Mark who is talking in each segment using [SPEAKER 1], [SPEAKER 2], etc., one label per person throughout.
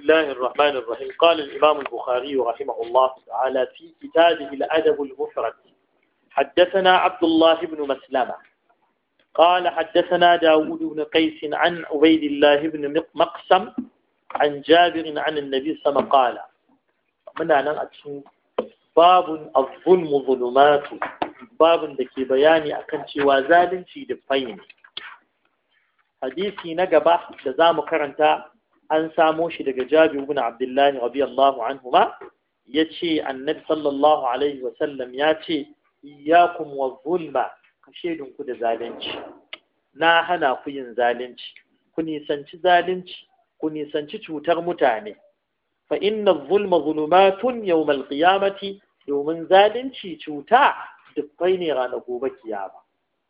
[SPEAKER 1] بسم الله الرحمن الرحيم قال الإمام البخاري رحمه الله تعالى في كتابه الأدب المفرد حدثنا عبد الله بن مسلمة قال حدثنا داود بن قيس عن عبيد الله بن مقسم عن جابر عن النبي صلى الله عليه وسلم قال من أنا باب الظلم ظلمات باب دكي بياني أكن شوى ذلك في دفين حديثي نقبة جزام كرنتا an samo shi daga Jabir ibn Abdullah radiyallahu anhuma yace Annabi sallallahu alaihi wa sallam yace iyyakum wa zulma kashedin ku da zalunci na hana ku yin zalunci ku nisanci zalunci ku nisanci cutar mutane fa inna zulma zulumatun yawm al domin zalunci cuta dukkai ne ranar gobe kiyama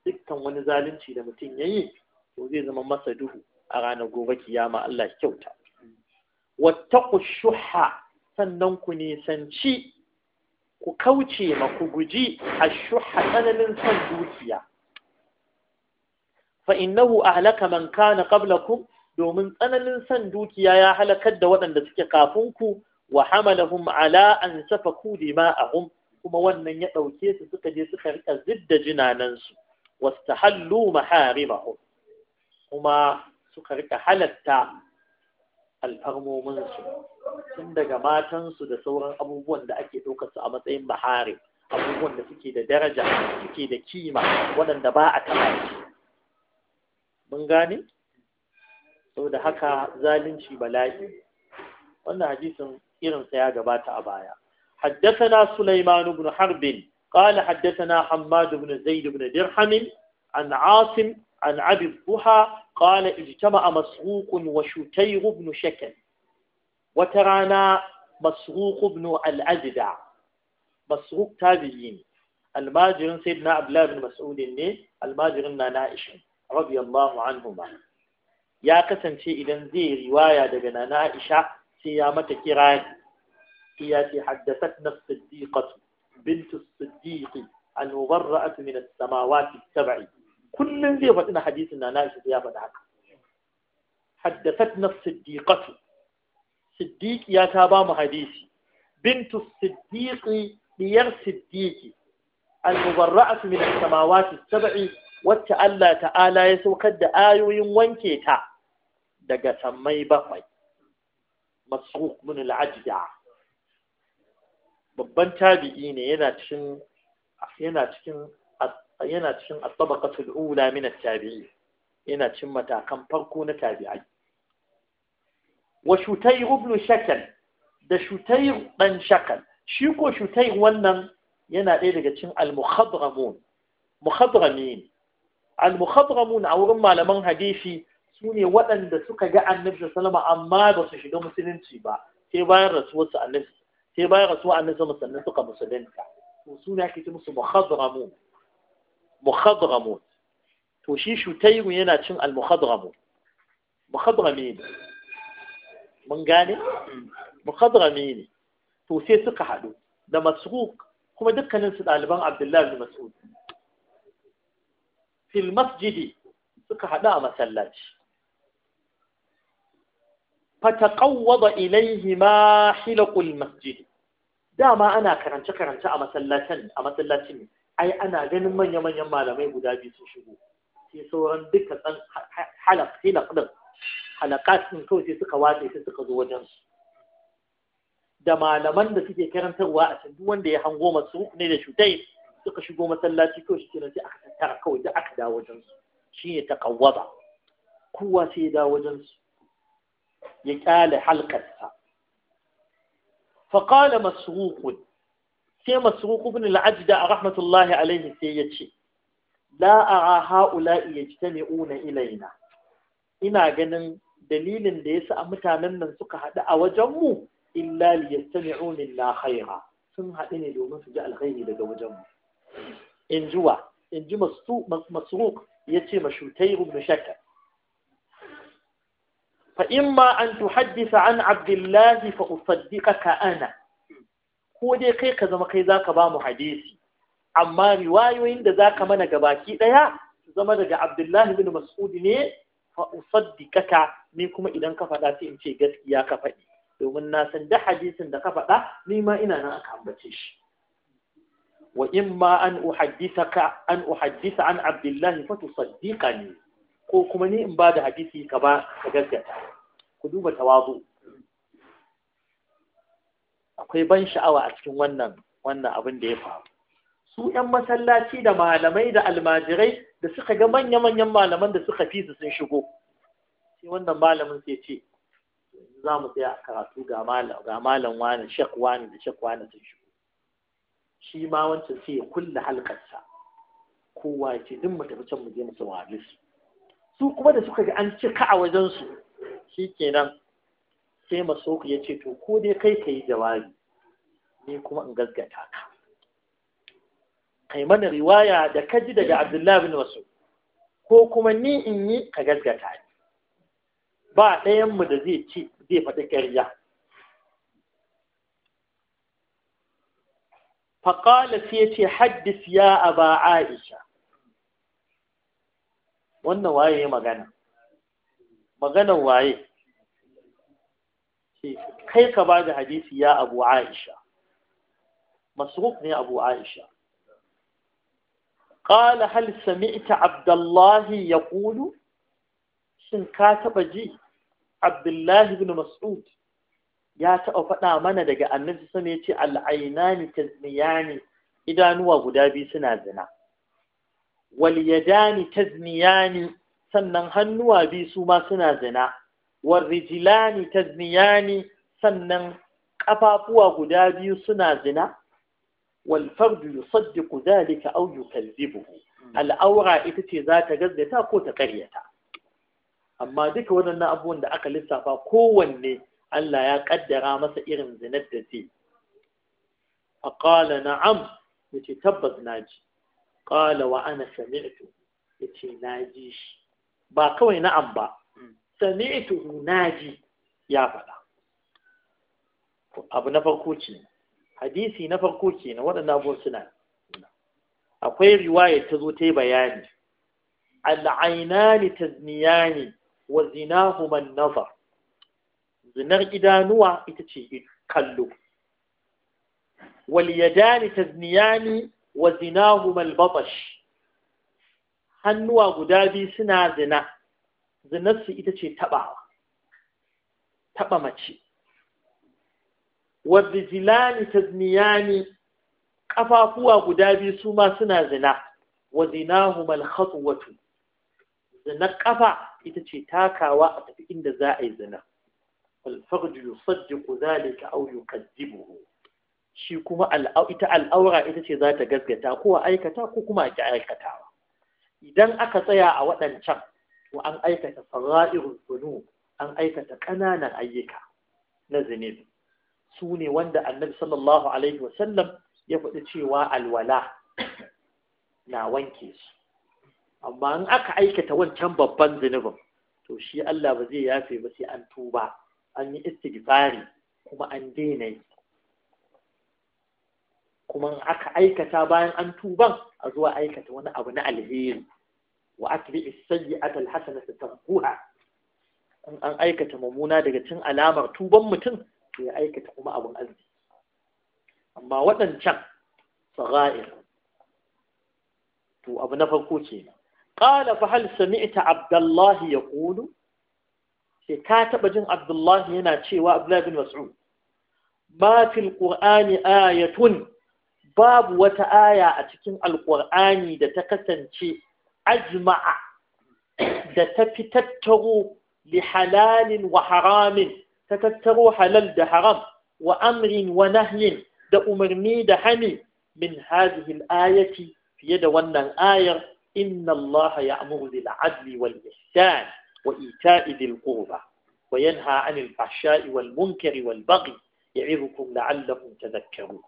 [SPEAKER 1] dukkan wani zalunci da mutum yayi to zai zama masa duhu a ranar gobe kiyama Allah kyauta wattaqu shuha sannan ku nisanci ku kauce ma ku guji shuha tsananin son dukiya fa innahu ahlaka man kana qablakum domin tsananin son dukiya ya halakar da waɗanda suke kafin ku wa hamalahum ala an safaku dima'ahum kuma wannan ya ɗauke su suka je suka rika zidda jinanansu wastahallu maharimahum kuma suka rika halatta alfarmominsu tun daga matansu da sauran abubuwan da ake ɗaukarsu a matsayin bahari abubuwan da suke da daraja suke da kima waɗanda ba a taɓa mun gane da haka zalunci bala'i wannan hadisin irinsa ya gabata a baya حدثنا سليمان بن حرب قال حدثنا حماد بن زيد بن درهم عن عاصم عن عبد الضحى قال اجتمع مسروق وشتير بن شكل وترانا مسروق بن الأزدع مسروق تابعين الماجر سيدنا عبد الله بن مسعود الماجر نائش رضي الله عنهما يا كسن شيء إذا زي رواية دبنا نائشة سيامة كيران هي حدثتنا الصديقة بنت الصديق المبرأة من السماوات السبع kullum zai faɗi na hadisin na nashi ya faɗi haka haddathatna siddiqatu siddiqiya ta ba mu hadisi bintu siddiƙi ɗiyar siddiqi
[SPEAKER 2] al-mubarra'atu min as-samawati
[SPEAKER 1] sabi wacce Allah ta'ala ya saukar da ayoyin wanke ta daga sammai bakwai masruq min al babban tabi'i ne yana cikin yana cikin yana cikin at ula min tabii yana cikin matakan farko na tabi'ai wa shutayr ibn shakal da shutayr dan shakal shi ko shutayr wannan yana ɗaya daga cikin al-mukhadramun mukhadramin al-mukhadramun a wurin malaman hadisi su ne waɗanda suka ga annabi sallama amma ba su shiga musulunci ba sai bayan rasuwarsa annabi sai bayan rasuwar annabi sannan suka musulunta su ne ake ce musu mukhadramun mukhadramun to shi shutairu yana cin al-mukhadramun mukhadrami ne mun gane mukhadrami ne to sai suka haɗu da masruq kuma dukkanin su ɗaliban abdullahi bin mas'ud fil masjidi suka haɗu a masallaci fataqawwada ilayhi ma hilaqul masjid dama ana karance karance a masallacin a masallacin ai ana ganin manya-manyan malamai guda biyu sun shigo sai sauran duka tsan halak hilak din halakat din kawai sai suka wace sai suka zo wajen su da malaman da suke karantarwa a can duk wanda ya hango masu ne da shutai suka shigo masallaci kawai shi kenan sai aka tattara kawai da aka dawo wajen su shine takawwaba kowa sai ya dawo wajen su ya kyale halkarsa فقال مسروق sai masruq ibn al-ajda rahmatullahi alaihi sai yace la ara haula'i yajtami'una ilaina ina ganin dalilin da yasa mutanen nan suka haɗu a wajen mu illa liyastami'una la khaira sun haɗu ne domin su ji alkhairi daga wajen mu in juwa in ji masruq yace mashutai ibn shakar an أن تحدث عن عبد الله فأصدقك ana. ko dai kai ka zama kai zaka ba mu hadisi amma riwayoyin da zaka mana gabaki daya zama daga Abdullahi bin Mas'ud ne fa usaddiqaka ni kuma idan ka faɗa sai in ce gaskiya ka faɗi domin na san da hadisin da ka faɗa ni ma ina nan aka ambace shi wa in ma an an uhaddisa an Abdullahi fa tusaddiqani ko kuma ni in ba da hadisi ka ba ka gaskata ku duba tawazu akwai ban sha'awa a cikin wannan wannan abin da ya faru su ƴan masallaci da malamai da almajirai da suka ga manya-manyan malaman da suka fi su sun shigo sai wannan malamin sai ce za mu tsaya a karatu ga malam wani shek wani da shek wani sun shigo shi ma wancan sai ya kulle halkarsa kowa ya ce duk mu tafi can mu je mu saurare su su kuma da suka ga an cika a wajensu kenan sai masoku ya ce to ko dai kai ka yi jawabi ni kuma in gaskata ka kai mana riwaya da ka ji daga abdullahi bin wasu ko kuma ni in yi ka gaskata ni ba ɗayanmu da zai ci zai faɗi ƙarya faƙala sai ya ce haddis ya ba aisha wannan waye magana maganan waye ce kai ka ba da hadisi ya abu aisha masruk ne abu aisha قال هل سمعت Abdullahi ya يقول shin ka taɓa ji abdullahi ibn mas'ud ya taɓa faɗa mana daga annabi sama ya ce al'ainani tazniyani idanuwa guda biyu suna zina wal yadani tazniyani sannan hannuwa biyu su ma suna zina ta tazniyani sannan ƙafafuwa guda biyu suna zina wal fardu yusaddiqu dhalika aw yukazzibuhu al'aura ita ce za ta gazzata ko ta karyata amma duka waɗannan abubuwan da aka lissafa kowanne Allah ya kaddara masa irin zinar da zai faqala na'am yace tabbas naji qala wa ana sami'tu yace naji shi ba kawai na'am ba sami'tuhu naji ya faɗa abu na farko ce hadisi na farko ke na waɗanda abubuwan suna akwai riwaya ta zo ta yi bayani al'ainani tazniyani wa zinahuman nazar zinar idanuwa ita ce kallo wal yadani tazniyani wa zinahuman al hannuwa guda biyu suna zina zinarsu ita ce taɓawa taɓa mace wadda zilani ta ziniyani ƙafafuwa guda biyu su ma suna zina wa zinahu wato, zinar ƙafa ita ce takawa a tafi inda za a yi zina alfarju yusaddiqu ta aw yukadzibuhu shi kuma ita al'aura ita ce za ta gaskata ko aikata ko kuma a ki aikatawa idan aka tsaya a waɗancan to an aikata fara'irun sunu an aikata ƙananan ayyuka na zunubi su ne wanda annabi sallallahu alaihi wasallam ya faɗi cewa alwala na wanke su amma in aka aikata wancan babban zunubin to shi Allah ba zai yafe ba sai an tuba an yi istighfari kuma an daina yi kuma aka aikata bayan an tuban a zuwa aikata wani abu na alheri wa atbi as-sayyi'ata al-hasanata in an aikata mamuna daga cin alamar tuban mutum to ya aikata kuma abin arziki amma waɗancan sagha'ir to abu na farko kenan qala fa hal sami'ta abdullahi yaqulu sai ka taɓa jin abdullahi yana cewa abdullahi bin mas'ud ma fil qur'ani ayatun babu wata aya a cikin Alƙur'ani da ta kasance أجمع تتتتغو لحلال وحرام تتتغو حلال ده حرام وأمر ونهي ده أمرني ده حمي من هذه الآية في يد ونن آية إن الله يأمر بالعدل والإحسان وإيتاء ذي القربى وينهى عن الفحشاء والمنكر والبغي يعظكم لعلكم تذكرون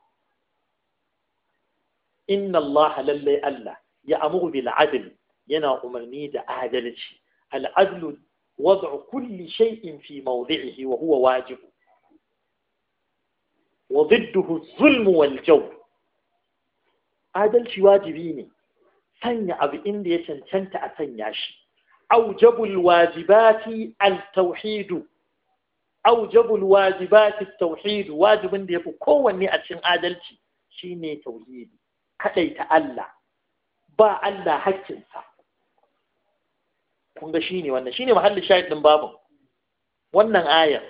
[SPEAKER 1] إن الله للي ألا يأمر بالعدل yana umarni da adalci al'adlu وضع كل شيء wa موضعه وهو واجب وضده الظلم والجور adalci wajibi ne sanya abu inda ya cancanta a sanya shi aujabul wajibati al-tauhidu aujabul wajibati wajibin da yafi kowanne a cikin adalci shine tauhidi kadaita Allah ba Allah hakkinsa kun ga ne wannan ne mahallin shahid ɗin babun wannan ayar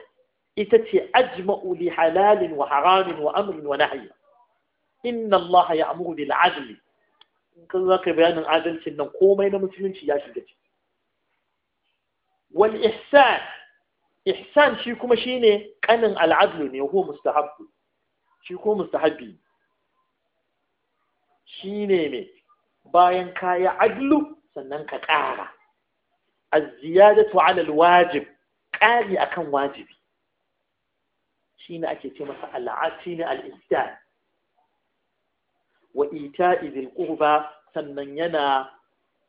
[SPEAKER 1] ita ce ajma'u li halalin wa haramin wa amrin wa nahyi inna Allah amuru bil in kan zaka bayanin adalcin nan komai na musulunci ya shiga ciki wal ihsan ihsan shi kuma shine kanin al adlu ne ko mustahabbu shi ko mustahabbi shine me bayan kaya adlu sannan ka ƙara az-ziyadatu 'ala al-wajib ƙari akan wajibi shine ake ce masa al-atina al-ihsan wa ita'i dhil sannan yana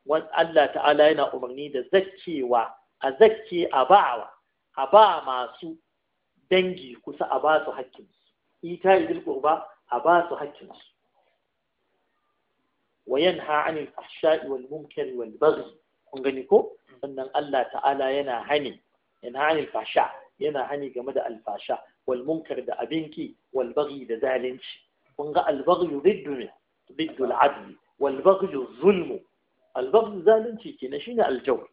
[SPEAKER 1] wan Allah ta'ala yana umarni da zakewa, a zake a ba'awa a ba masu dangi kusa a ba su hakkinsu ita'i dhil qurba a ba su hakkinsu وينهى عن الفحشاء والمنكر kun gani ko mm. sannan Allah ta'ala yana hani yana hani fasha yana hani game da alfasha wal munkar da abinki wal baghi da zalunci kun ga al baghi riddu ne riddu al adl wal baghi zulmu al baghi zalunci kenan shine al jawr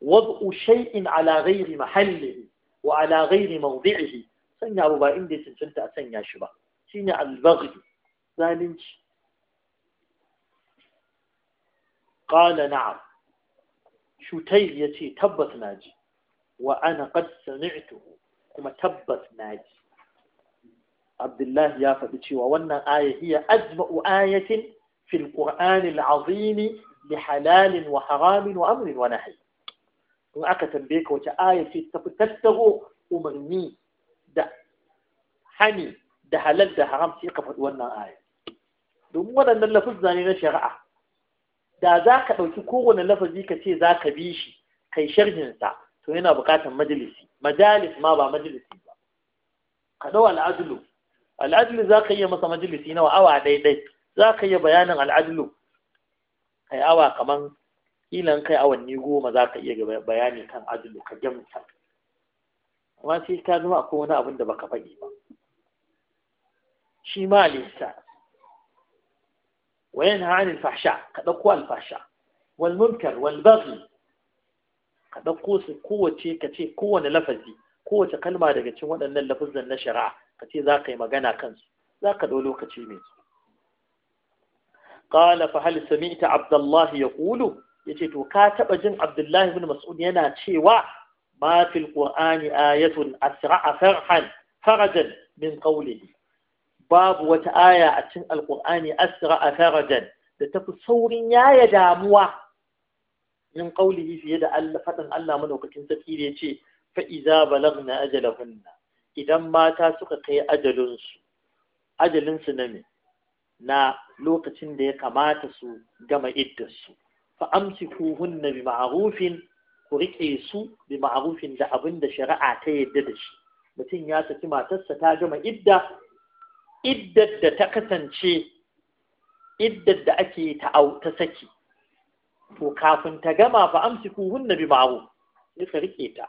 [SPEAKER 1] وضع شيء على غير محله وعلى غير موضعه سنة أبو با إندي Shi أسنى شبا سنة البغي ذلك قال نعم shutayl ya ce tabbas na ji wa ana qad sami'tuhu kuma tabbas na ji Abdullahi ya faɗi cewa wannan aya hiya ajma'u ayatin fil Qur'anil azim li halalin wa haramin wa amrin wa nahyi in aka tambaye ka wace aya ce ta fi tattaro umarni da hani da halal da haram sai ka faɗi wannan aya domin waɗannan lafuzza ne na shari'a da za ka ɗauki kowane lafazi ka ce za ka bi shi kai sharhinsa to yana buƙatar majalisi majalis ma ba majalisi ba ka ɗau al'adulu al'adulu za ka iya masa majalisi nawa awa ɗaiɗai za ka yi bayanin al'adulu kai awa kamar kilan kai awanni goma za ka iya bayani kan adulu ka gyamta amma sai ka zama akwai wani abin da baka faɗi ba shi ma alisa وينهى عن الفحشاء قد أقوى الفحشاء والمنكر والبغي قد أقوى قوة كتير قوة لفظي قوة كلمة دقتي وأن اللفظ النشرع كتير ذاقي مجانا كنس ذاك الأولو كتير ميز قال فهل سمعت عبد الله يقول يجي كاتب جن عبد الله بن مسعود ينا تشيوا ما في القرآن آية أسرع فرحا فرجا من قوله babu wata aya a cikin Alƙur'ani, asra farajan da tafi saurin yaya damuwa min qawlihi fiye da Allah faɗin Allah madaukakin sarki da yace fa iza balagna ajalahunna idan mata suka kai ajalinsu ajalinsu na me na lokacin da ya kamata su gama iddarsu fa amsikuhunna bi ma'rufin ku rike su bi ma'rufin da abin da shari'a ta yadda da shi mutum ya saki matarsa ta gama idda iddar da ta kasance iddar da ake ta saki to kafin ta gama fa amsiku hunna bi ma'u sai ka rike ta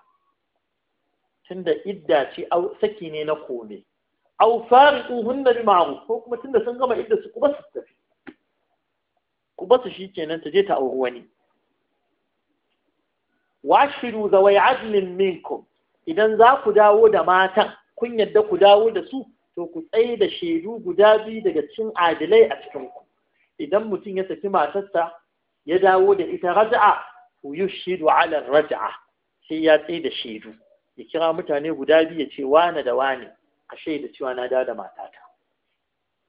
[SPEAKER 1] tunda idda ce saki ne na kome au fariqu hunna bi ma'u ko kuma tunda sun gama idda su kuma su tafi ku basu shikenan ta je ta auri wani washiru zawai adlin minkum idan za ku dawo da matan kun yadda ku dawo da su to ku tsaye da shaidu guda biyu daga cikin adilai a cikin ku idan mutum ya saki matarsa ya dawo da ita raja'a ku yushhidu ala raja'a sai ya tsaye da shaidu ya kira mutane guda biyu ya ce wane da wane a shaida cewa na dawo da matata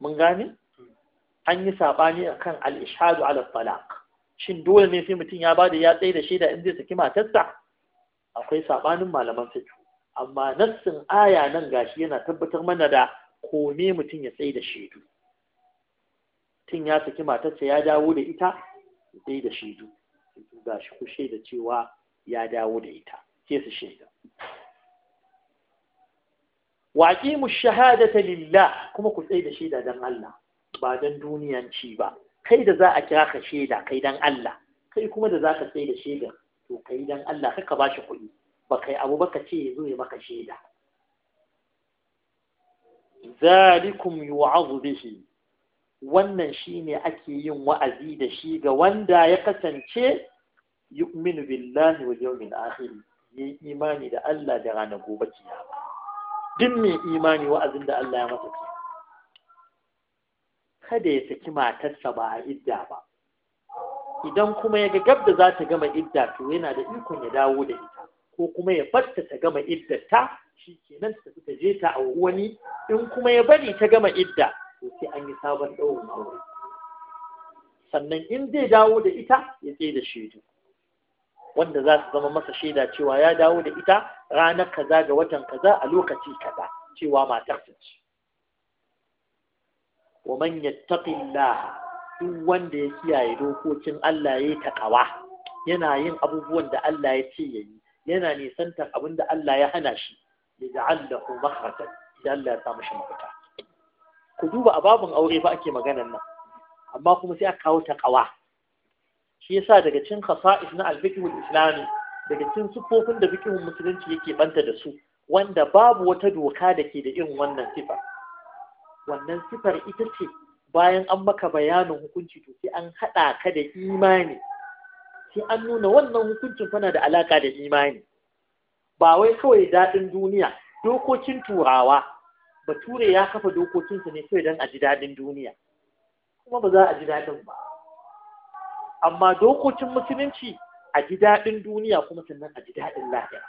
[SPEAKER 1] mun gane an yi saɓani a kan al'ishadu ala talaq shin dole ne sai mutum ya ba da ya tsaye da shaida in zai saki matarsa akwai saɓanin malaman fiqh amma nassin aya nan gashi yana tabbatar mana da kome mutum ya tsaye da shaidu tun ya saki matarsa ya dawo da ita tsaye da shaidu ga shi ku shaida cewa ya dawo da ita ke su shaida waƙi mu shahadata lillah kuma ku tsaye da shaida don Allah ba don duniyanci ba kai da za a kira ka shaida kai don Allah kai kuma da za ka tsaye da shaida to kai don Allah kaka ba shi kuɗi ba kai abu ba ka ce ya zo ya maka shaida zalikum yu'azu bihi wannan shine ake yin wa'azi da shi ga wanda ya kasance yu'minu billahi wal yawmil akhir yi imani da Allah da ranar gobe kiyama duk mai imani wa'azin da Allah ya masa kada ya saki matarsa ba a idda ba idan kuma ya ga gab da za ta gama idda to yana da ikon ya dawo da ita ko kuma ya barta ta gama iddata shi kenan ta tafi ta je ta auri wani in kuma ya bari ta gama idda to sai an yi sabon ɗaurin aure sannan in zai dawo da ita ya tsaye da shaidu wanda za su zama masa shaida cewa ya dawo da ita ranar kaza ga watan kaza a lokaci kaza cewa matar ta ce wa man yattaqillah duk wanda ya kiyaye dokokin Allah yayi takawa yana yin abubuwan da Allah ya ce yayi yana nisantar abin da Allah ya hana shi yaj'al makhrajan sai Allah ya sa mishi mafita ku duba a babun aure ba ake maganar nan amma kuma sai aka kawo kawa shi yasa daga cikin khasa'is na al-fiqh al-islami daga cikin sufofin da bikin musulunci yake banta da su wanda babu wata doka da ke da irin wannan sifa wannan sifar ita ce bayan an maka bayanin hukunci to sai an haɗa ka da imani sai an nuna wannan hukuncin fana da alaka da imani ba wai kawai daɗin duniya dokokin turawa bature ya kafa dokokinsa ne kawai don a ji daɗin duniya kuma ba za a ji daɗin ba amma dokokin musulunci a ji daɗin duniya kuma sannan a ji daɗin lahira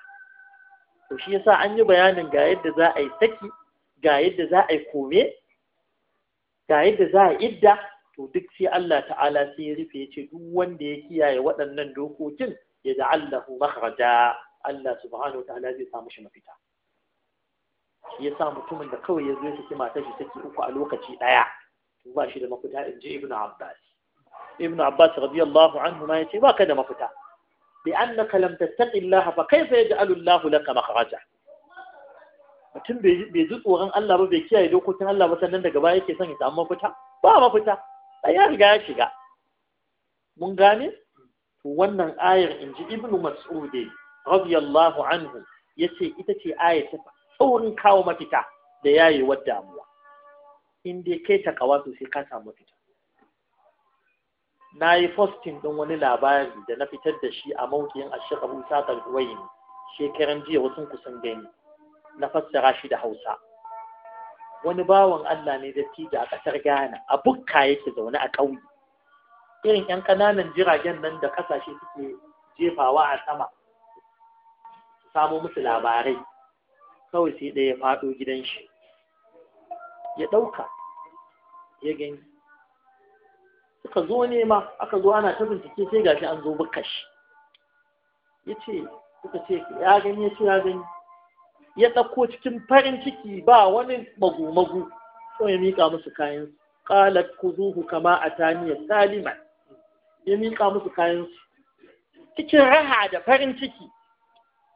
[SPEAKER 1] to shi yasa an yi bayanin ga yadda za a yi saki ga yadda za a yi kome ga yadda za a idda to duk sai Allah ta'ala sai ya rufe ya ce duk wanda ya kiyaye waɗannan dokokin ya da'allahu makhraja Allah subhanahu wa ta'ala zai samu shi mafita Ya sa mutumin da kawai ya zo ya saki matar shi take uku a lokaci daya to ba shi da mafita in ji ibnu abbas ibnu abbas radiyallahu anhu ma yace baka da mafita bi annaka lam tattaqi Allah fa kayfa yaj'alu Allah laka makhraja mutum bai ji tsoron Allah ba bai kiyaye dokokin Allah ba sannan daga baya yake son ya samu mafita ba mafita ai ya riga ya shiga mun gane wannan ayar in ji ibnu mas'udi radiyallahu anhu yace ita ce ayata saurin kawo mafita da yayewar damuwa in dai kai takawa to sai ka samu mafita na yi fostin ɗin wani labari da na fitar da shi a mawkin ashir abu sakar wayin shekaran jiya wasu kusan gani na fassara shi da hausa wani bawan allah ne dattijo a ƙasar ghana a bukka yake zaune a ƙauye irin 'yan ƙananan jiragen nan da ƙasashe suke jefawa a sama samo musu labarai kawai sai ɗaya ya faɗo gidan shi ya ɗauka ya gani suka zo nema aka zo ana ta bincike sai gashi an zo bukashi ya ce suka ce ya gani ya ce ya gani ya ɗauko cikin farin ciki ba wani magu-magu so ya miƙa musu kayan qalat kuzuhu kama ataniya salima ya miƙa musu kayan su cikin raha da farin ciki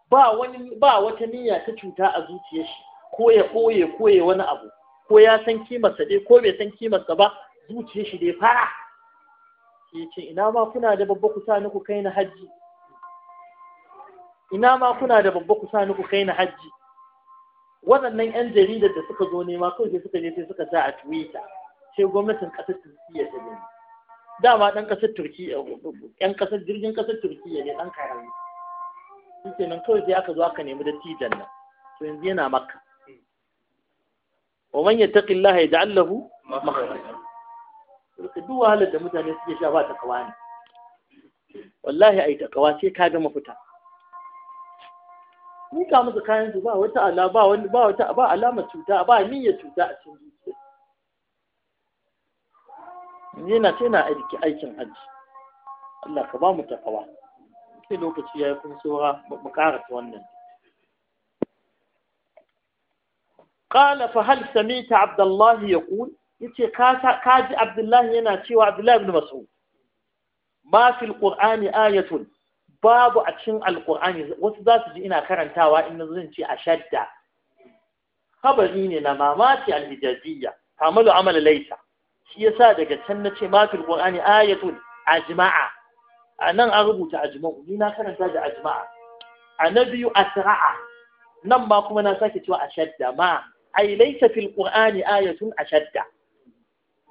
[SPEAKER 1] ba wani ba wata niyya ta cuta a zuciyar shi ko ya ko ya wani abu ko ya san kimarsa dai ko bai san kimarsa ba zuciyar shi dai fara sai ce ina ma kuna da babba ku sani ku kai na hajji ina ma kuna da babba ku sani ku kai na hajji waɗannan 'yan jaridar da suka zo nema kawai sai suka je sai suka sa a twitter sai gwamnatin ƙasar turkiyya ta gani dama ɗan ƙasar turkiyya yan ƙasar jirgin ƙasar turkiyya ne ɗan karami shi nan kawai sai aka zo aka nemi dattijan nan to yanzu yana makka wa man yattaqillaha yaj'al lahu makhraja duk wahalar da mutane suke sha ba takawa ne wallahi ai takawa sai ka ga mafita ni ka musu kayan su ba wata ala ba wani ba wata ba alama cuta ba niyyar cuta a cikin zuciya yana tana na aiki aikin hajji Allah ka ba mu takawa ce lokaci ya yi kun tsora mu karasa wannan قال فهل سمعت عبد الله يقول yace ka kaji Abdullahi yana cewa Abdullahi ibn Mas'ud ma fil Qur'ani ayatun babu a cikin Alƙur'ani wasu zasu ji ina karantawa in zan ce ashadda khabari ne na mamaki al-hijaziyya tamalu amala laysa shi yasa daga can nace ma fil Qur'ani ayatun ajma'a a nan an rubuta ajma'u ni na karanta da ajma'a a na biyu asra'a nan ma kuma na sake cewa shadda ma ai laysa fil qur'ani ayatun shadda.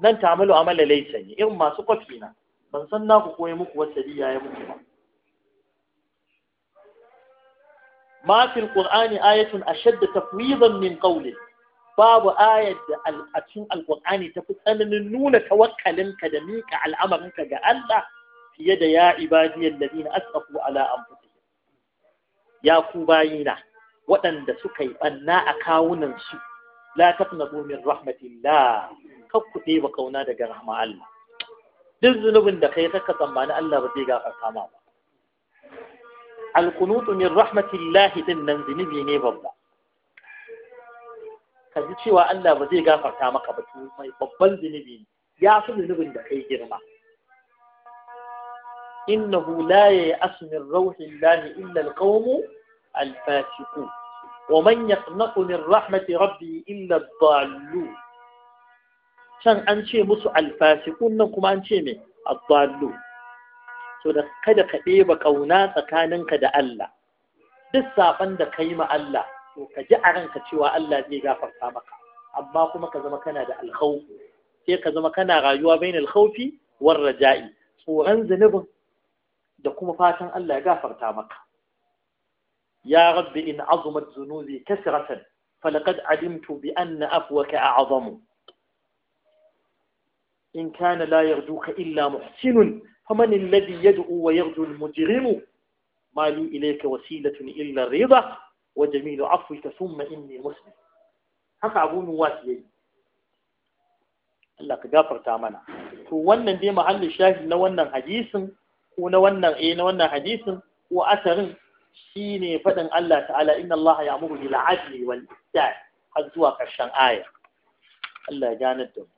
[SPEAKER 1] nan ta'amalu amala laysa ne irin masu kwafi na ban san na ku koyi muku wata diya ya muku ba ma fil qur'ani ayatun ashadda tafwidan min qawli babu ayat da a alƙur'ani alqur'ani ta fi tsananin nuna tawakkalinka da mika al'amarinka ga Allah fiye da ya ibadiyal ladina asrafu ala anfusihim ya ku bayina waɗanda suka yi ɓanna a kawunan su la taqnatu min rahmatillah kar ku ɗeba kauna daga rahma Allah duk zunubin da kai kaka tsammani Allah ba zai gafarta ma ba alkunutu min rahmatillah din nan zunubi ne babba ka ji cewa Allah ba zai gafarta maka ba mai babban zunubi ne ya fi zunubin da kai girma إنه لا ييأس من روح الله إلا القوم الفاسقون ومن يقنط من رحمة ربه إلا الضالون can an ce musu alfasikun nan kuma an ce mai abbalu so da kada ka ɗeba ƙauna tsakaninka da Allah duk saɓan da ka yi ma Allah to ka ji a ranka cewa Allah zai gafarta maka amma kuma ka zama kana da sai ka zama kana rayuwa bain alkhawfi war raja'i tsoron da kuma fatan Allah ya gafarta maka ya rabbi in azumat zunubi kasratan falaqad alimtu bi anna afwaka a'zamu in kana la yarjuka illa muhsinun faman alladhi yad'u wa yarju al-mujrimu ma ilayka wasilatun illa ridha wa jamilu afwika thumma inni muslim haka abu nuwas Allah ka gafarta mana to wannan dai mahallin shahi na wannan hadisin ko na wannan eh na wannan hadisin ko asarin shine faɗin Allah ta'ala inna Allah ya'muru bil adli wal ihsan har zuwa karshen aya Allah ya ganar da mu